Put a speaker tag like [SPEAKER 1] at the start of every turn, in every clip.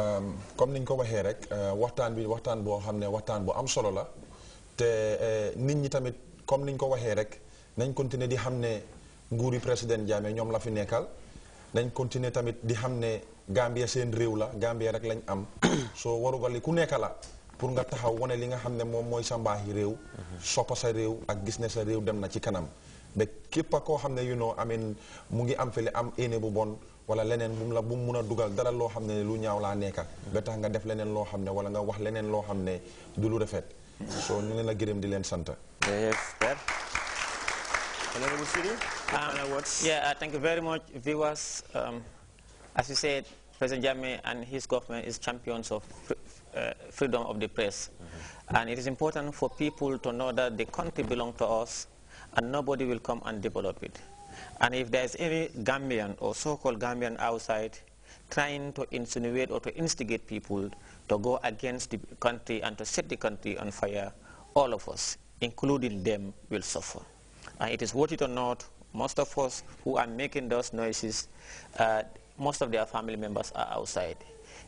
[SPEAKER 1] Euh, comme niñ ko waxee rek euh, waxtaan bi waxtaan boo xam ne waxtaan bu am solo la te euh, nit ñi tamit comme niñ ko waxee rek nañ continuer di xam ne nguuri président Jammeh ñoom la fi nekkal nañ continuer tamit di xam ne Gambia seen réew la Gambia rek lañ am soo warugali ku nekk la pour nga taxaw wone li nga xam ne moom mooy sa mbaaxi réew mhm. soppa sa réew ak gis ne sa réew dem na ci kanam ba képp koo xam ne you know I mu ngi am fele am éene bu bon wala leneen bu la bu mun a dugal dara loo xam ne lu ñaaw laa ba tax nga def leneen loo xam ne wala nga wax leneen loo xam ne du lu rafet ñu leen gërëm di leen sant um, yeah, uh, thank you very much, viewers. Um, as you said, President Jammeh and his government is champions of fr uh, freedom of the press. Mm -hmm. And it is important for people to know that the country belongs to us and nobody will come and develop it. And if there's any Gambian or so-called Gambian outside trying to insinuate or to instigate people to go against the country and to set the country on fire, all of us, including them, will suffer. And it is worth it or not, most of us who are making those noises, uh, most of their family members are outside.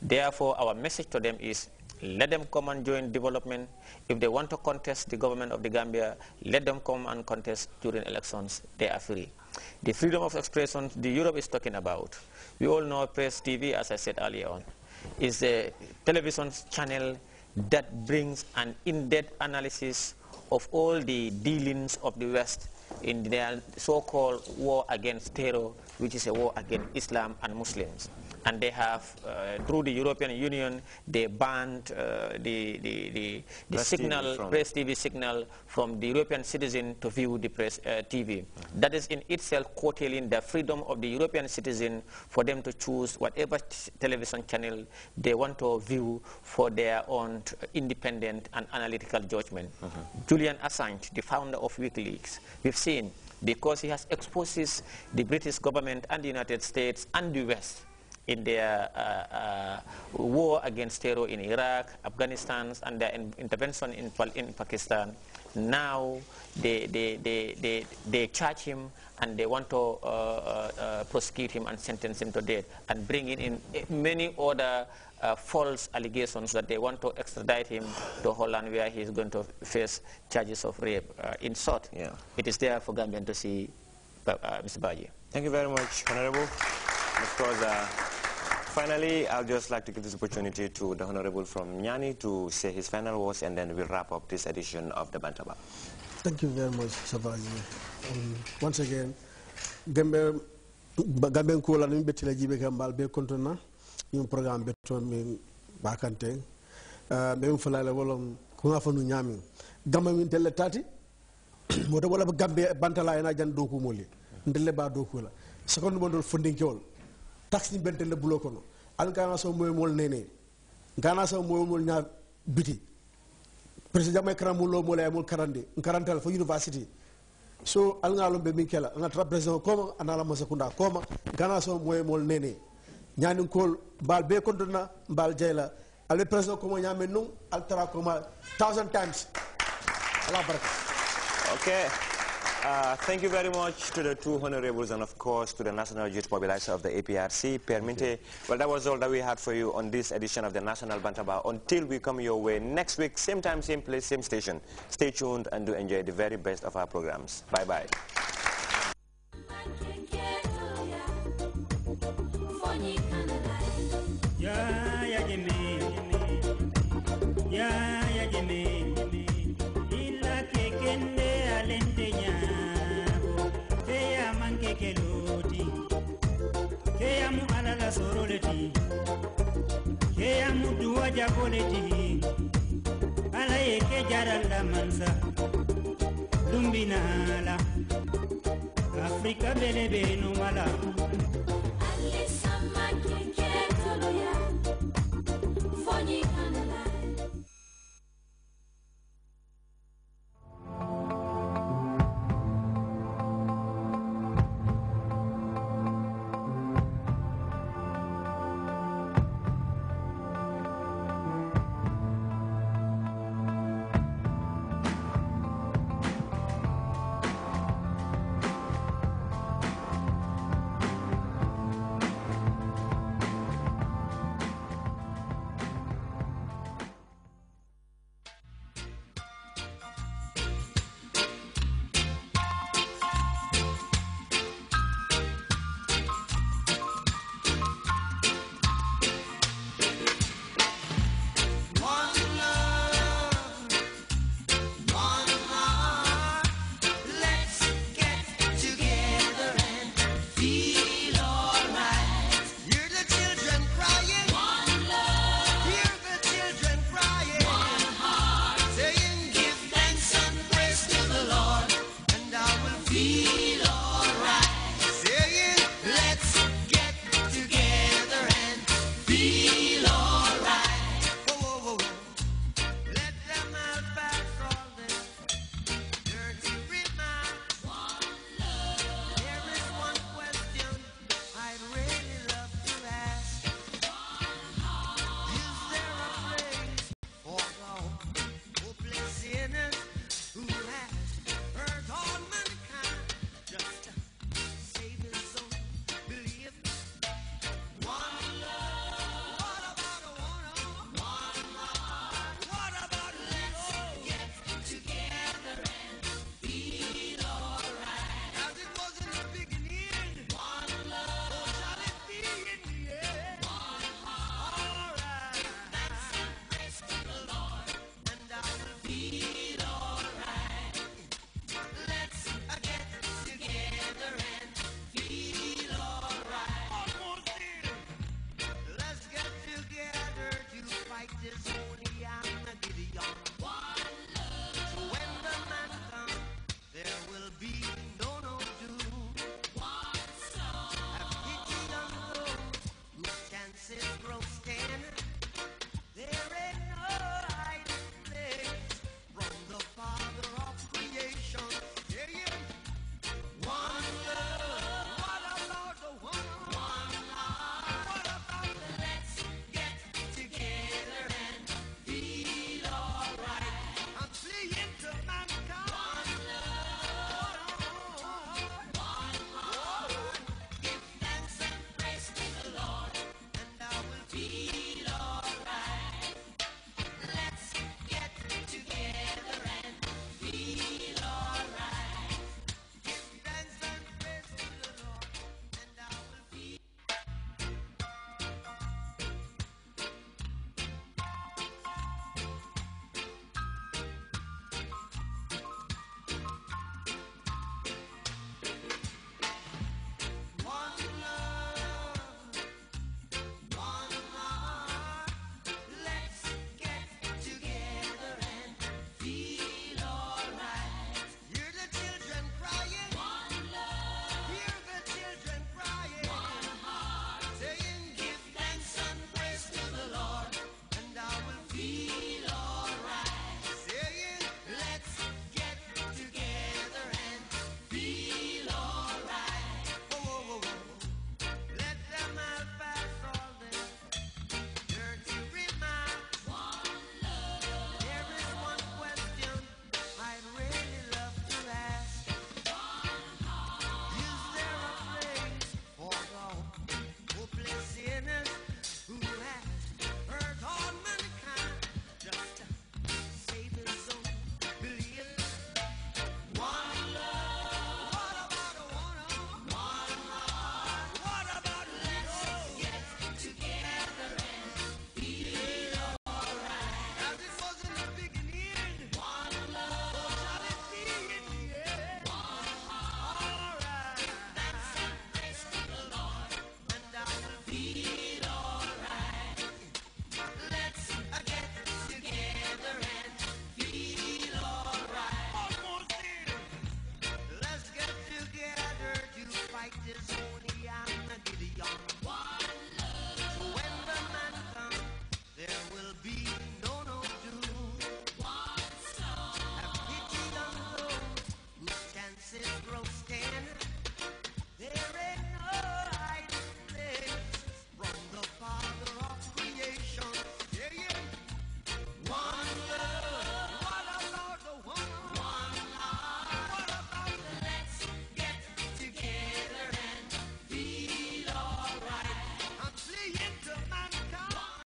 [SPEAKER 1] Therefore, our message to them is let them come and join development. If they want to contest the government of the Gambia, let them come and contest during elections. They are free. The freedom of expression the Europe is talking about. We all know Press TV, as I said earlier on, is a television channel that brings an in-depth analysis of all the dealings of the West in their so-called war against terror, which is a war against Islam and Muslims and they have, uh, through the European Union, they banned uh, the, the, the, the signal, TV press TV signal from the European citizen to view the press uh, TV. Mm -hmm. That is in itself curtailing the freedom of the European citizen for them to choose whatever television channel they want to view for their own independent and analytical judgment. Mm -hmm. Julian Assange, the founder of WikiLeaks, we've seen because he has exposed the British government and the United States and the West in their uh, uh, war against terror in Iraq, Afghanistan, and their in intervention in, in, Pakistan. Now they, they, they, they, they charge him and they want to uh, uh, uh prosecute him and sentence him to death and bring in eh, many other uh, false allegations that they want to extradite him to Holland where he is going to face charges of rape. in short, yeah. it is there for Gambian to see Mr. Baji. Thank you very much, Honorable. Of course, Finally, I'd just like to give this opportunity to the Honorable from Nyani to say his final words and then we'll wrap up this edition of the Bantaba. Thank you very much, Savaji. Um, once again, Gambe Gambe Nkola ni mbetila jibe kambal be kontona program beto mi bakante. Be uh, mfala le wolom kunga fonu nyami. Gambe mi ntele tati, moda wala Gambe bantala ena jan doku moli. Ntele doku la. Second bondol funding kiol. tax bentel bulokono al gana so moy mol nene gana so moy mol nya biti president may kram mulo mol ay mol karande karantal fo university so al ngalo be min kala nga tra president koma anala mo sekunda koma gana so moy mol nene nyani kol bal be kontona bal jayla ale president koma nyame num al tra koma thousand times ala baraka okay Uh, thank you very much to the two honorables and, of course, to the National Youth Mobilizer of the APRC, Permite. Well, that was all that we had for you on this edition of the National Bantaba. Until we come your way next week, same time, same place, same station. Stay tuned and do enjoy the very best of our programs. Bye-bye.
[SPEAKER 2] jaboleti ala ye ke jaranda mansa dumbinala, afrika bele be Be